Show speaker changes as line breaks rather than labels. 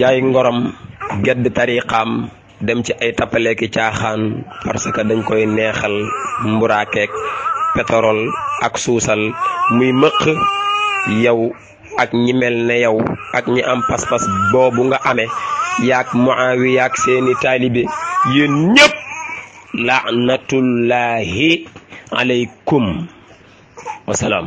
jaay ngorom gedd tariqaam dem ci ay tappaleeki caaxaan parce que dañ koy neexal mburaakeek pétrole ak suusal muy mëq yow ak ñi mel ne yow ak ñi am pas-pas boobu nga amee yaak muawi yaak seeni taalibe yéen ñëpp laanatullahi aleykum
wasalaam